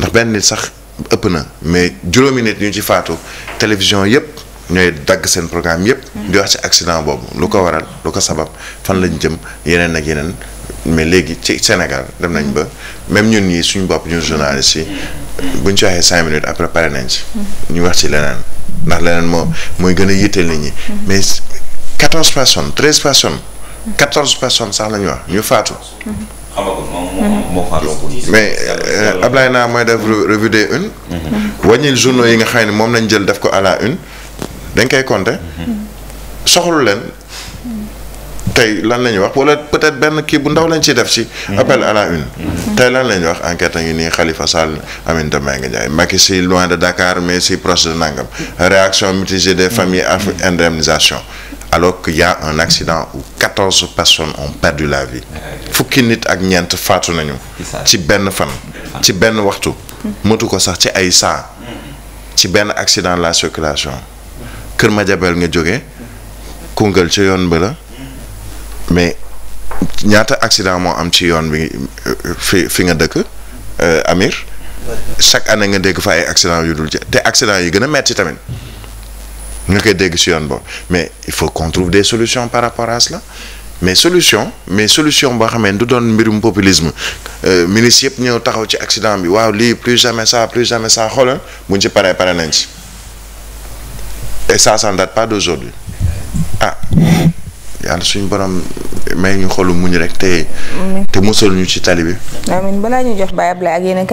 ndax benn nit sax ëpp na mais juróomi nit ñu ci faatu télévision yëpp ñooy dagg seen programme yëpp. di wax ci accident boobu lu ko waral lu ko sabab fan lañ jëm yeneen ak yeneen mais léegi ci Sénégal dem nañ ba même ñun ñii suñu bopp ñun journalistes yi buñ ci waxee cinq minutes après pare nañ ci. ñu wax ci leneen ndax leneen moo mooy gën a yitteel nit ñi. mais quatorze personnes treize personnes. quatorze personnes sax la ñu wax ñu faatu. mais euh, Ablaye naa mooy def revue des une. Mm-hmm. wàññil journaux yi nga xam ne moom lañ jël def ko à une dañ koy compter. Mm-hmm. soxlu leen. tey lan la ñuy wax wala peut-être benn kii bu ndaw lañ ciy def ci. Mm-hmm. appel à la une. tey lan la ñuy wax enquête a ngi nii Khalifa Sall Aminata Mbengue Ndiaye Macky si loin de Dakar mais si proche de Nangam réaction mitigée des familles ak indemnisation. alors qu'il y un accident où quatorze personnes per perdu la vie fukki nit ak ñeent faatu nañu ci benn fan ci benn waxtu mëtu ko sax ci ay saa ci benn accident la circulation Kër Madiabel nga jóge Koungheul ci yoon bi mais ñaata accident moo am ci yoon bi fi fi nga dëkk euh, Amir chaque année nga dégg fa ay accident yu dul ci te accident yi gën a metti tamit ñu koy dégg si yoon boobu mais il faut qu'on trouve des solutions par rapport à cela mais solution mais solution boo xamee du doon mbirum populisme euh, ministre yëpp ñëw taxaw ci accident bi waaw lii plus jamais ça plus jamais ça xoolal buñ ci paree pare nañ ci et ça ça ne de pas d'aujourd'hui ah yàlla suñu borom may ñu xolu muñ rek te te mosal ñu ci tali bi. amiin balaa ñu jox Baye Ablaye ak